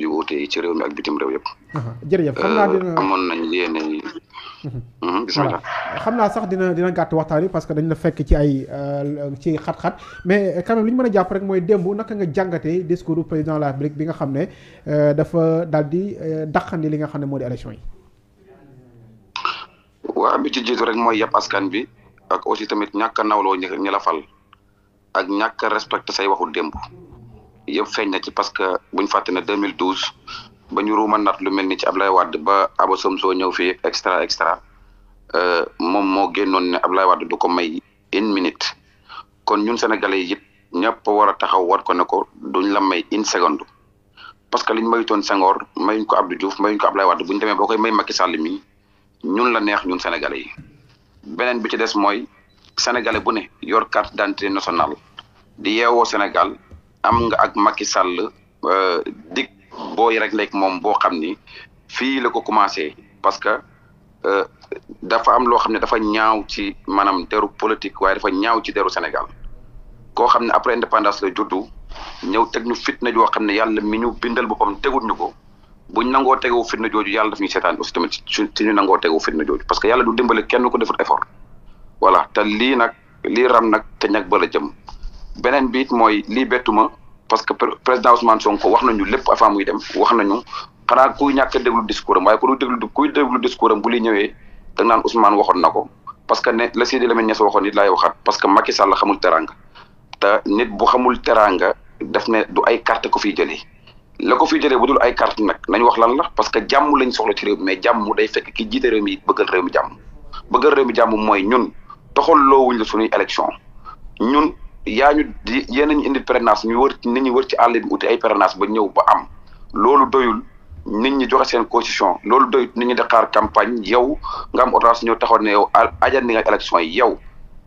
yu wuute yi ci réew mi ak bitim réew yëpp. jërëjëf xam naa euh, dina amoon nañ yéene mhm. Mhm, xam naa sax dina dina gàtt waxtaan yi parce que dañ la fekk ci ay euh, ci xat-xat mais euh, quand li ñu mën a jàpp rek mooy démb naka nga jàngatee discours du président de la bi nga xam ne dafa dal di dàqandi li nga xam ne moo di élection yi. waaw bi ci jiitu rek mooy yàpp askan bi ak aussi tamit ñàkk a nawloo ñi fal ak ñàkk a respecté say waxul démb. yëpp feeñ na ci parce que buñ fàtte ne 2012 ba ñu ruuma nat lu mel ni ci Ablaye Wade ba Aba Somso ñëw fii extra extra euh, moom moo génnoon ne Ablaye Wade du ko may une minute kon ñun sénégalais yi it ñëpp war a taxaw war ko ne ko duñ la may une seconde parce que liñ mayutoon Senghor mayu ko Abdou Diouf mayuñ ko Ablaye Wade buñ demee boo koy may Macky Sall mi ñun la neex ñun sénégalais yi beneen bi ci des mooy sénégalais bu ne yor carte d'identité nationale di yeewoo Sénégal. am nga ak Macky Sall euh, dig booy rek lekk moom boo xam ni fii la ko commencé parce que euh, dafa am loo xam ne dafa ñaaw ci maanaam deru politique waaye dafa ñaaw ci deru Sénégal koo xam ne après indépendance la juddu ñëw teg ñu fitna joo xam ne yàlla mi ñu bindal boppam tegul ñu ko buñ nangoo tegewu fitna jooju yàlla daf ñuy seetaan aussi tamit ci ñu nangoo tegewu fitna jooju parce que yàlla du dimbale ken ko defut effort voilà te lii nag lii ram nag te ñag ba jëm beneen biit mooy lii bettuma parce que président Ousmane Sonko wax nañu lépp a avant muy dem wax nañu xanaa kuy ñàkk a déglu discours am waaye ku déglu kuy discours am bu li ñëwee da naan Ousmane waxoon na ko parce que ne la Sidi Lamine Niass waxoon nit laay waxaat parce que Macky Sall xamul teranga te nit bu xamul teranga daf ne du ay carte ko fiy jëlee la ko fiy jëlee bu dul ay carte nag nañu wax lan la parce que jàmm lañ soxla ci réew mi mais jàmm day fekk ki jiite réew mi bëggal réew mi jàmm bëggal réew mi mooy ñun toxal loowuñ la suñuy élection ñun yaa ñu yéen a ñu indi parrainage ñu wër nit ñi wër ci àll bi uti ay parrainage ba ñëw ba am loolu doyul nit ñu joxe seen consition loolu doyul nit ñi di xaar campagne yow nga am autorité ñëw taxaw ne yow ajandi nga élection yi yow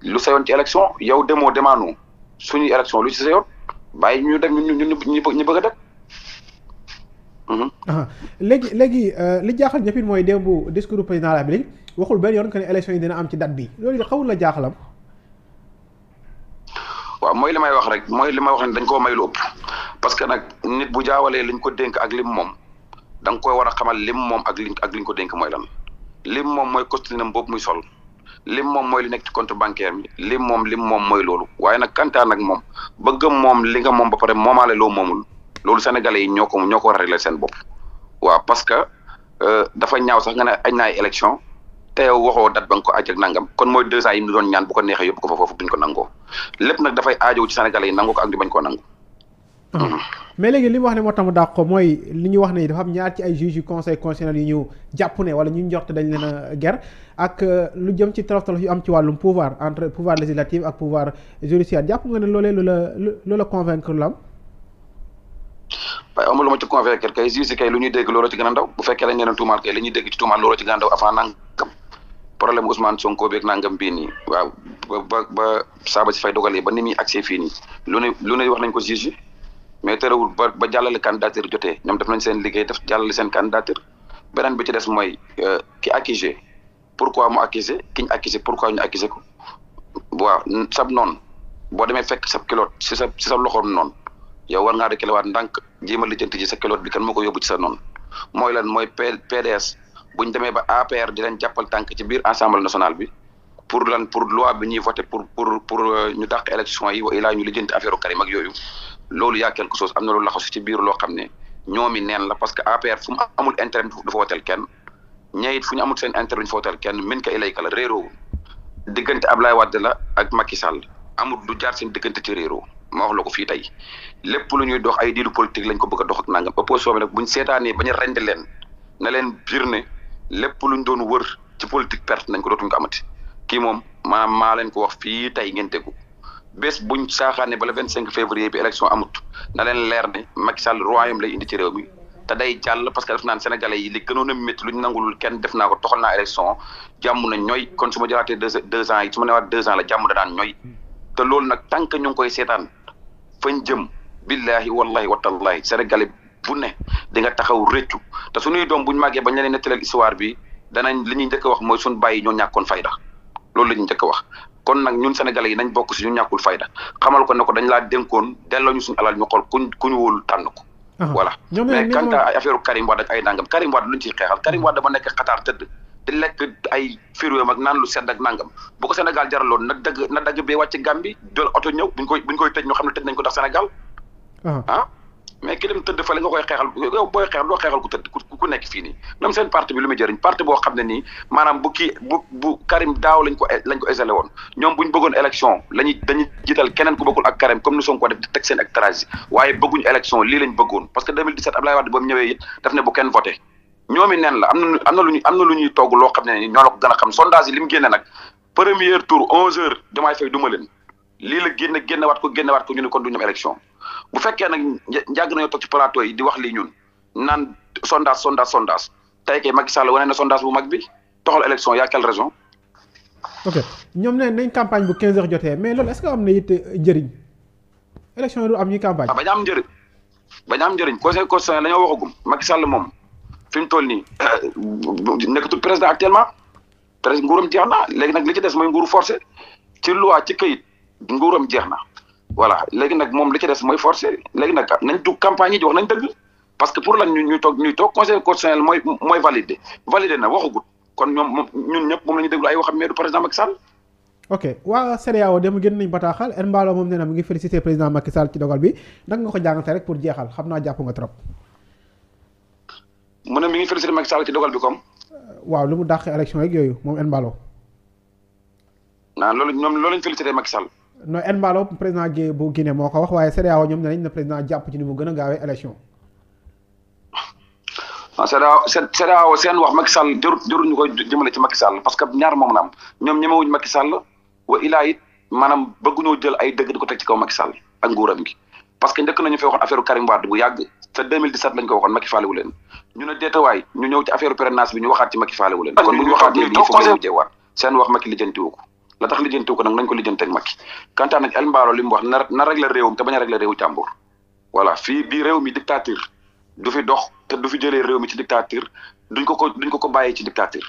lu sa yoon ci élection yow demoo demaanu suñuy élection lu ci sa yoon ñu dem ñu ñu ñu bëgg a dem. Mhm. Ah, léegi léegi euh, li jaaxal ñëpp it mooy démb discours président la bi waxul benn yoon que ne élection yi dina am ci date bi loolu xawul la jaaxalam. waaw mooy li may wax rek mooy li wax ne dañ koo may lu parce que nag nit bu jaawalee liñ ko dénk ak lim moom da nga koy war a xamal lim moom ak liñ ak liñ dénk mooy lan lim moom mooy costume boobu muy sol lim moom mooy li nekk ci compte bi lim moom lim moom mooy loolu waaye na kantaan nag moom bëggam moom li nga moom ba pare moomaale loo moomul loolu sénégalais yi ñoo ko ñoo ko war a régler seen bopp waaw parce que euh, dafa ñaaw sax nga añ naay élection te yow waxoo dat ba nga ko aj nangam kon mooy deux ans yi ñu doon ñaan bu ko neexee yóbbu ko fa foofu duñ ko nangoo lépp nag dafay aajow ci sénégalais yi nangu ko ak di bañ nangu. Hmm. Hmm. mais léegi li mu wax ne moo tax mu dàq ko mooy li ñu wax ne dafa am ñaar ci ay juges yu conseil constitutionnel yu ñu jàpp ne wala ñu njort dañ leen a ger ak euh, lu jëm ci tolof am ci wàllum pouvoir entre pouvoir législatif ak pouvoir judiciaire jàpp nga ne loolee lu la lu dégg loolu ci gën a ndaw bu fekkee dañ leen tuumaal kay li ñuy dégg tuumaal loolu ci gën ndaw problème Ousmane Sonko beeg nangam bii nii waaw ba ba ba saaba si fay dogalee ba ni muy accès fii nii lu lu ne wax nañ ko juge mais terewul ba ba jàllale candidature jotee ñoom def nañ seen liggéey def jàllale seen candidature beneen bi ci des mooy euh, ki accusé pourquoi mu accusé ki ñu accusé pourquoi ñu accusé ko waaw sab noonu boo demee fekk sab kilote si sa sa loxoon noonu yow war ngaa de waat ndànk jéem a lijjanti ji sa kilote bi kan moo ko yóbbu ci sa noon mooy lan mooy P PDS. buñ demee ba APR di leen jàppal tànk ci biir assemblée nationale bi pour lan pour loi bi ñuy pour pour pour euh, ñu dàq élection yi wa ilaa ñu lijjanti affaire Karim mag yooyu loolu yaa quelque chose am na loolu laxasu ci biir loo xam ne ñoomi neen la parce que APR fu mu amul intérêt du fa woteel kenn ñeeit fu ñu amul seen intérêt duñu fa woteel kenn min ka ilayka la réeroowul diggante Ablaye Wade la ak Macky Sall amul du jaar seen diggante ci réeroo ma wax la ko fii tey lépp lu ñuy doox ay diilu politique lañ ko bëgg a dox ak nangam seetaanee a leen na leen biir lépp luñ doon wër ci politique perte nañ ko dootuñ ko amati kii moom maanaam maa len ko wax fii tey ngeen déggu bés buñ saaxaan ne ba le vingt cinq février bi élection amut na leen leer ne Macky Sall royaume lay indi ci réew mi te day jàll parce que def naan sénégalais yi li gënoon a métti lu ñu nangulul kenn def na ko toxal naa élection jàmm na ñooy kon su ma jëlaatee deux deux ans yi su ma newaat deux ans la jàmm da daan ñooy te loolu nag tant que ñu ngi koy seetaan fañ jëm billahi wallahi watallahi sénégalais bu ne di nga taxaw rëccu te suñuy doom buñu màggee bañ leen nettaleel histoire bi danañ li ñuy njëkk wax mooy suñu bàyyi ñoo ñàkkoon fayda loolu la ñuy njëkk wax kon nag ñun sénégalais yi nañ bokk si ñu ñàkkul fayda xamal ko ne ko dañ laa dénkoon delloo ñu suñu alal xool kuñ ku ñu wóolu tànn ko voilà mais quant à ay affaire Karim Wade ay nangam Karim Wade luñ ciy xeexal Karim Wade ba nekk Qatar tëdd di lekk ay firuwam ak naan lu sedd ak nangam bu ko Sénégal jaraloon na dagg na dagg bee wàcc Gambie jël oto ñëw buñ koy buñ koy tëj ñoo xam ne tëj nañ ko ndax Sénégal ah mais ki dem tëdd fële nga koy xeexal yow booy xeex doo xeexal ku tëdd ku nekk fii nii ñoom seen parti bi lu muy jëriñ parti boo xam ne nii maanaam bu kii bu bu Karim daaw lañ ko lañ ko éselé woon ñoom bu ñu bëggoon élection lañuy dañuy jiital keneen ku bokkul ak Karim comme ni Sonko def di teg seen hectares waaye bëgguñu élection lii lañ bëggoon parce que 2017 Abdoulaye Wade ba mu ñëwee it daf ne bu kenn ñoomi neen la am na am na lu ñuy am na lu ñuy togg loo xam ne nii ñoo la ko gën a xam sondage yi li mu génne nag premier tour 11 heures damay fay duma leen lii la ñu ne kon du ñoom élection bu fekkee nag njag nañoo toog ci plateau yi di wax lii ñun naan sondage sondage sondage tey kay Macky Sall wane na sondage bu mag bi toxal élection y a quelle raison. ok ñoom nee nañ campagne bu 15 heures jotee mais loolu est-ce que am na it euh, njëriñ élection yi du am ñuy campagne. Ah, bañ am njëriñ bañ am njëriñ conseil constitutionnel dañoo waxagum Macky Sall moom fi mu toll nii euh, nekkatul président actuellement président nguuram jeex na léegi nag li ci des mooy nguuru forcé ci loi ci këyit nguuram jeex na. voilà léegi nag moom li ci des mooy forcé léegi nag nañ dugg campagne yi di wax nañ dëgg parce que pour lan ñu ñuy toog ñuy toog conseil mooy mooy validé validé na waxagut kon ñoom ñun ñëpp moom la ñu déglu ay waxam mais du président Macky Sall. ok waa CEDEAO dem génn nañ bataaxal R Mballo moom nee mu ngi félicité président Macky Sall ci dogal bi nag nga ko jàngate rek pour jeexal xam naa jàpp nga trop. mu ne mi ngi félicité Macky Sall ci dogal bi comme. Euh, waaw lu mu dàq élection rek yooyu moom R Mballo. ah loolu ñoom loolu lañ félicité Macky Sall. no en malo président Guèye bu Guinée ko wax waaye CEDEAO ñoom ne nañ na président ci ni mu gën a gaawee élection CEDEAO ah, CEDEAO seen wax Macky Sall jarut ñu koy jëmale ci Macky Sall parce que ñaar moom na ñoom ñemewuñ Macky Sall wa ilaa it maanaam bëgguñoo jël ay dëgg di ko teg ci kaw Macky Sall ak nguuram gi parce que njëkk nañu fee waxoon affaire Karim Wade bu yàgg te 2017 lañ ko waxoon Macky faale wu leen ñu ne deetawaay ñu ñëw ci affaire présidence bi ñu waxaat ci Macky faale wu ko la tax lijjanti ko nag nañ ko lijjanti ak Macky kantaan nag El Mbaalo li mu wax na a régler réewu réew mi dictature du fi dox te du fi jëlee réew mi ci dictature duñ ko ko duñ ko ko bàyyee ci dictature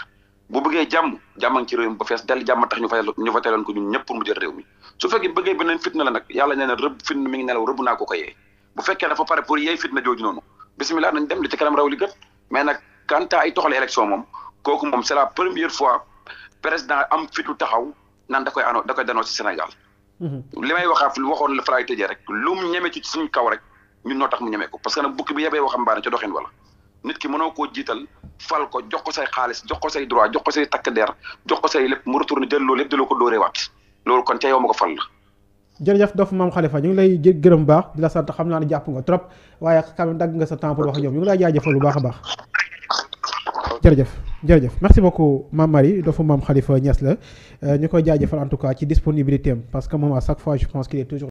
bu bëggee jàmm jàmm ci réew fees dell jàmm tax ñu fa ñu ko ñun ñëpp pour mu jël réew mi su fekkee bëggee yàlla nee na rëbb fitna mi ngi nelaw rëbb naa ko ko yee bu fekkee dafa pare noonu bisimilah nañ dem li ci kanam raw li gën mais nag quant à ay toxale élection moom kooku moom c'est la première fois président am fitu taxaw nan da koy anoo da koy danoo ci Sénégal. Mhm. li may waxaaf lu waxoon la faraay tëjee rek lu mu ñeme ci suñu kaw rek ñun noo tax mu ñeme ko parce que nag bukki bi yebee waxambaane ca doxin wala nit ki mënoo koo jiital fal ko jox ko say xaalis jox ko say droit jox ko say takk der jox ko say lépp mu retourné jël loolu lépp daloo ko dóoreewaat loolu kon ca yow ma ko fal la. jërëjëf Dof Mame Khalifa ñu ngi lay jë gërëm baax di la sant xam naa ne jàpp nga trop waaye xam dagg nga sa temps pour ñoom ñu ngi lay jaajëfal bu a baax jërëjëf. jërëjëf merci beaucoup maam Marie doofu maam Khalifa Niass la euh, ñu koy jaajëfal en tout cas ci disponibilité parce que moom à chaque fois je pense toujours